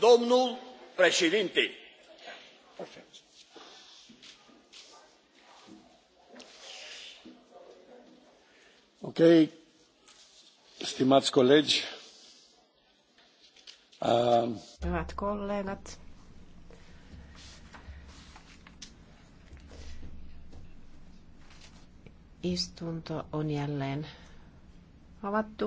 Domnul președinte. Stimați colegi, uh, istunto on jälleen avattu.